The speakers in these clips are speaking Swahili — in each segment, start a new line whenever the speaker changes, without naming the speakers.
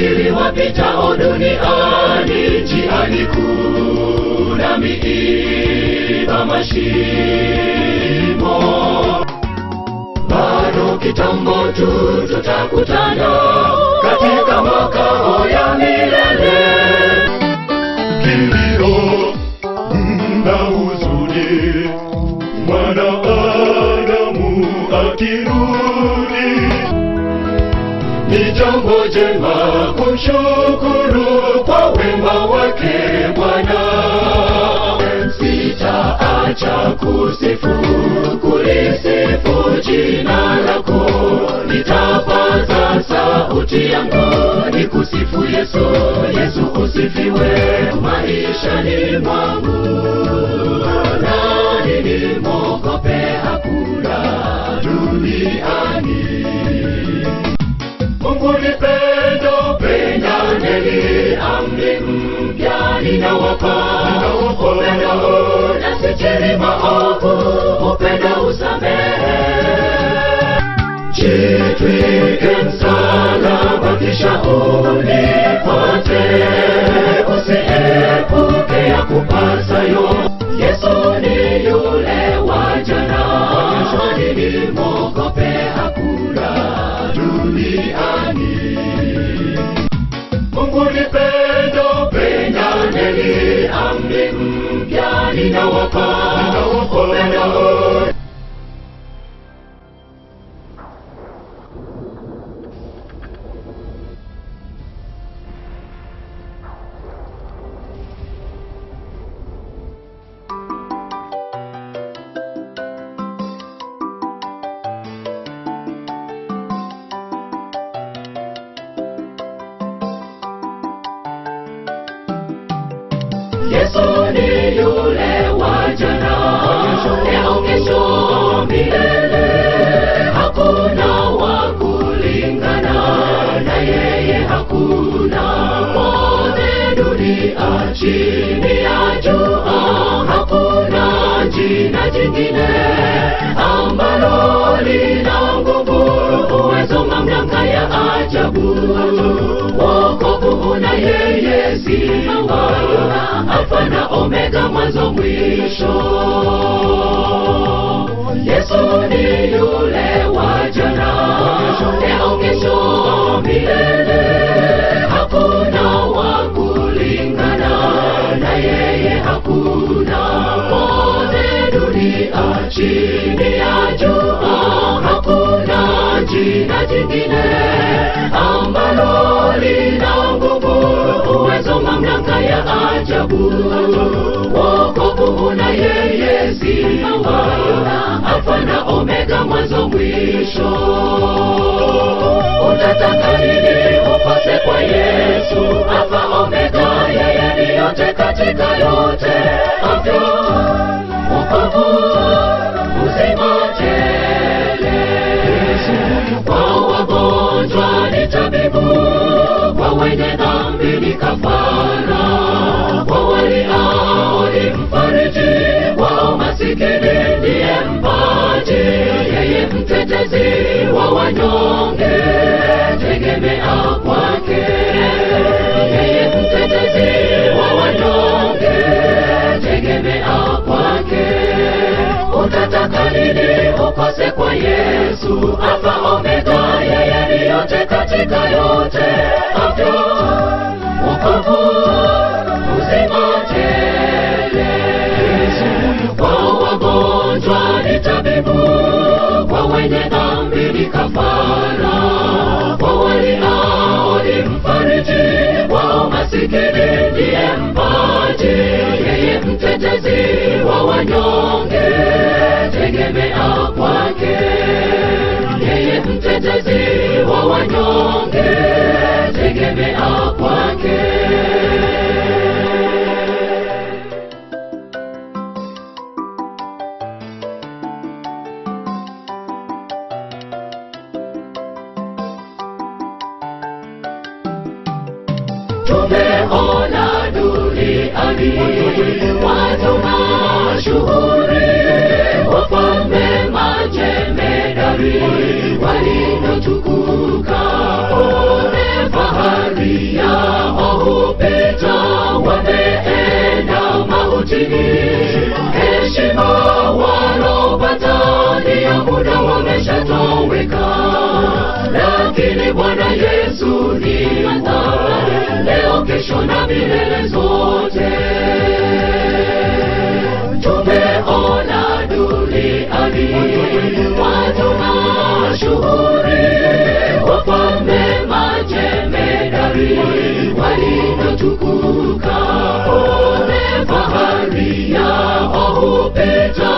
iliwapita wa pitao duniani, jihadi
kuu na miiba mashimo. Bado kitambo tu tutakutana katika makao ya milele. Kilio na huzuni, mwanadamu akirudi chombo jema kumshukuru kwa wema wake Bwana. Sitaacha kusifu kulisifu jina lako, nitapaza sauti yangu nikusifu Yesu, Yesu usifiwe maishani mwangu na ni amri mpya ninawapa, ninawapa, nasi chini maovu hakuna hakuna na yeye dunia chini ya jua hakuna jina jingine ambalo lina nguvu, uwezo, mamlaka ya ajabu. Wokovu una yeye, siwa Alfa na Omega, mwanzo mwisho ni yule wa jana, leo, kesho, milele. Hakuna wa kulingana na yeye, hakuna pote dunia chini ya jua, hakuna jina jingine ambalo lina nguvu, uwezo, mamlaka ya ajabu Mungu na yeye si ambayo Alfa na Omega, mwanzo mwisho. Unataka nini upase kwa Yesu? Alfa Omega, yeye ni yote katika yote, afya, ukovu, uzima tele. Kwa wagonjwa ni tabibu, kwa wenye dhambi ni Mwingine ndiye mpaji, yeye mtetezi wa wanyonge, tegemea kwake. Yeye mtetezi wa wanyonge, tegemea kwake. Utataka nini ukose kwa Yesu? Alfa Omega, yeye ni yote katika yote, afya Mkasikilize ndiye mpaji, yeye mtetezi wa wanyonge, tegemea kwake. Yeye mtetezi wa wanyonge, tegemea kwake. Bwana Yesu ni mwema, leo, kesho na milele zote. Tumeona duniani watu mashuhuri, wafalme, majemadari waliotukuka, fahari yao hupita,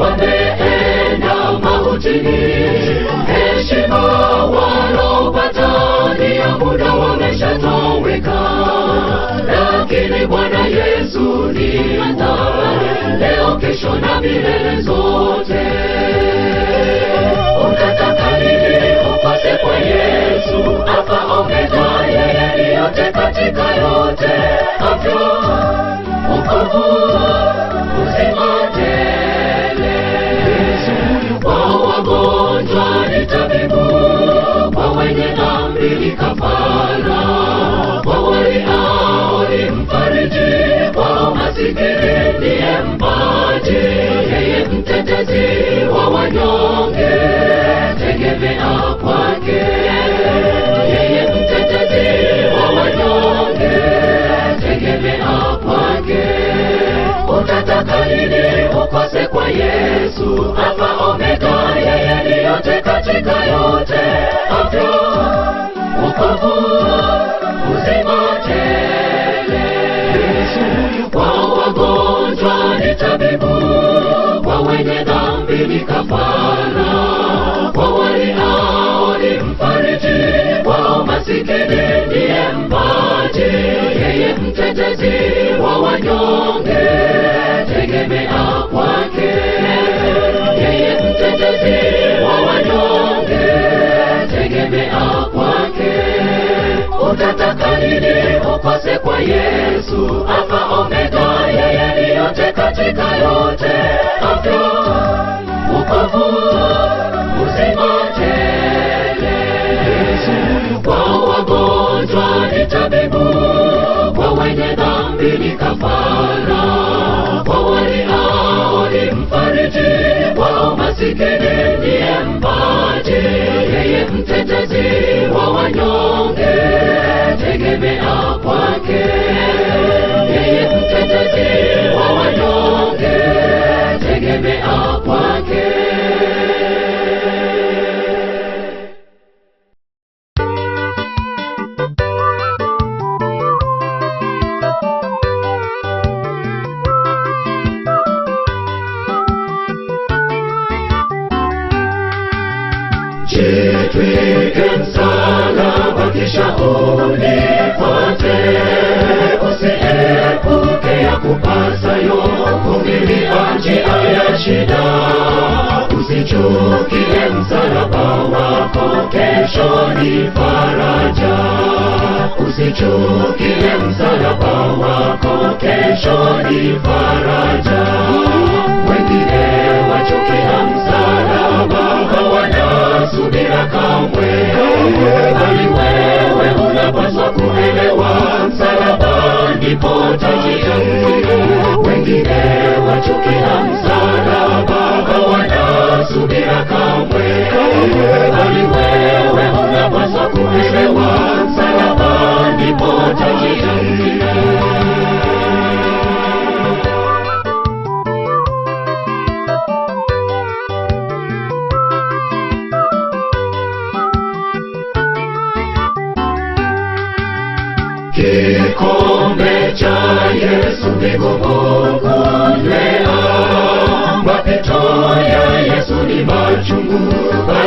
wameenda mautini Mwamini Bwana Yesu ni mwema, leo, kesho na milele zote. Unataka nini upate kwa Yesu? Afaombeka yeye yote katika yote, afya, wokovu, uzima tele. Kwa wagonjwa ni tabibu, kwa wenye dhambi ni kafara mwenyeji kwa masikini, ndiye mpaji, yeye mtetezi wa wanyonge, tegemea kwake, yeye mtetezi wa wanyonge, tegemea kwake. Utataka nini ukose kwa Yesu, Alfa Omega, yeye ni yote katika yote, afya, wokovu, uzima Kichwa ni tabibu kwa wenye dhambi ni kafara, kwa waliao ni mfariji, kwao masikini Usiakariri ukose kwa Yesu, Alfa Omega, yeye ni yote katika yote. Usichukie msalaba wako, kesho ni faraja. Usichukie msalaba wako, kesho ni faraja. Wengine wachukia msalaba, hawana subira kamwe, bali wewe unapaswa kuelewa msalaba ndipo utaji. Wengine wachukia msalaba Udira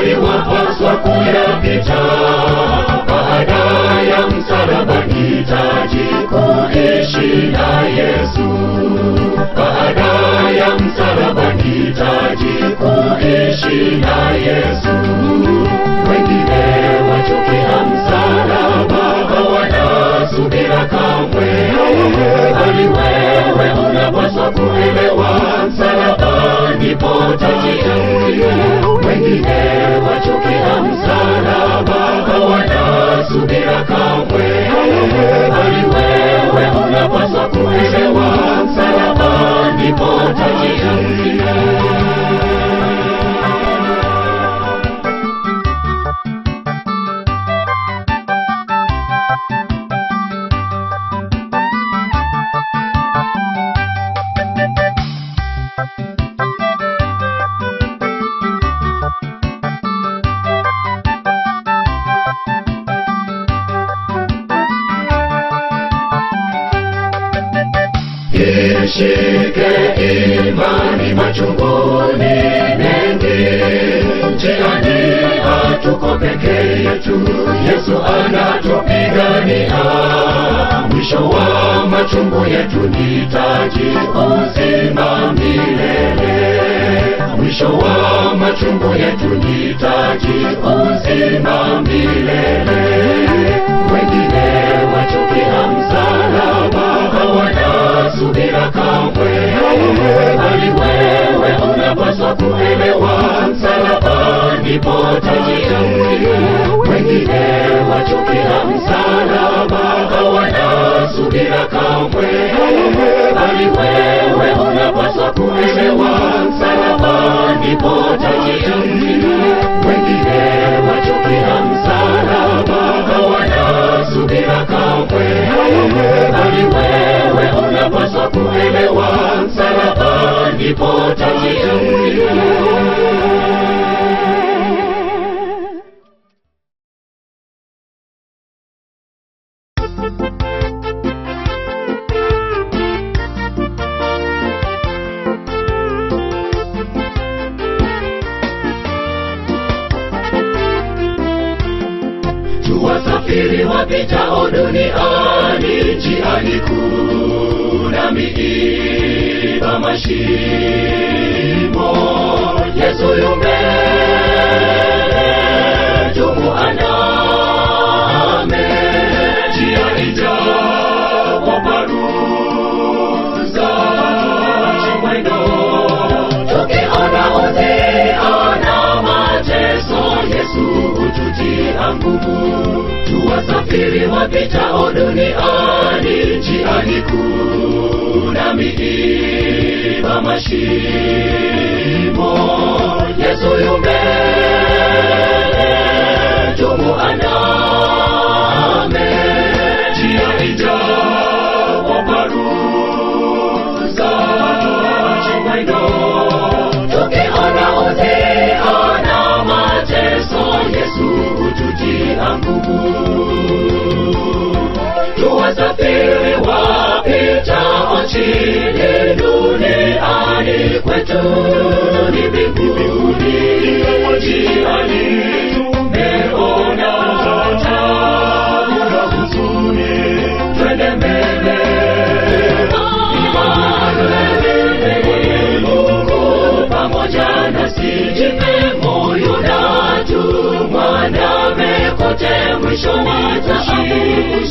ambayo kuyapita. Baada ya msalaba nitaji kuishi na Yesu. Baada ya msalaba nitaji kuishi na Yesu. Wengine wachukia msalaba, hawatasubira kamwe, bali wewe unapaswa kuelewa msalaba ndipo taji wengine 就给。Tuishike imani machunguni mengi, njiani hatuko peke yetu, Yesu anatupigania. Mwisho wa machungu yetu ni taji uzima milele. Mwisho wa machungu yetu ni taji uzima milele. walipotajia wengine wachukia msalaba, hawanasubira kamwe, bali wewe unapaswa kuelewa msalaba ndipo wapitao duniani jihani kuna miiba mashimo. Yesu yu mbele, tumuandame, njia ijapo paruza mwendo, tukiona uzea Yesu hututia nguvu, tuwasafiri wapitao duniani, njiani kuna miiba, mashimo. Yesu yu mbele, tumuandame, njia ija watapewa pita nchini duniani kwetu ni mbinguni iliyojiani tumeona taabu na huzuni twende mbele Mungu pamoja na jipe moyo na tumwandame kote mwishoni taabu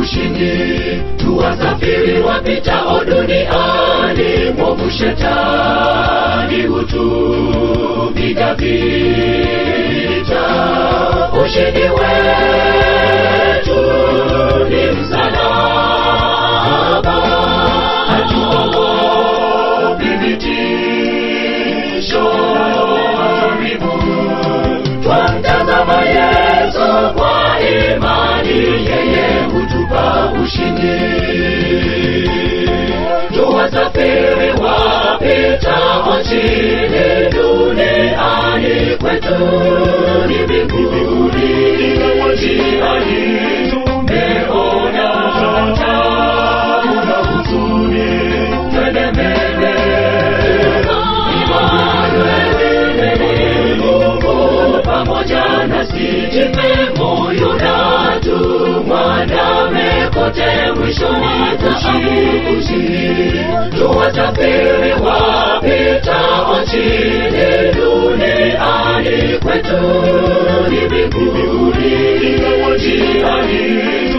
ushindi, tuwasafiri wapitao duniani, mwovu shetani hutupiga vita. Ushindi wetu ni msalaba ushindi. Tuwasafiri wapitao nchini, duniani kwetu ni mbinguni, njia yetu ushindi tuwasafiri wapitao nchini duniani kwetu ni mbinguni njiani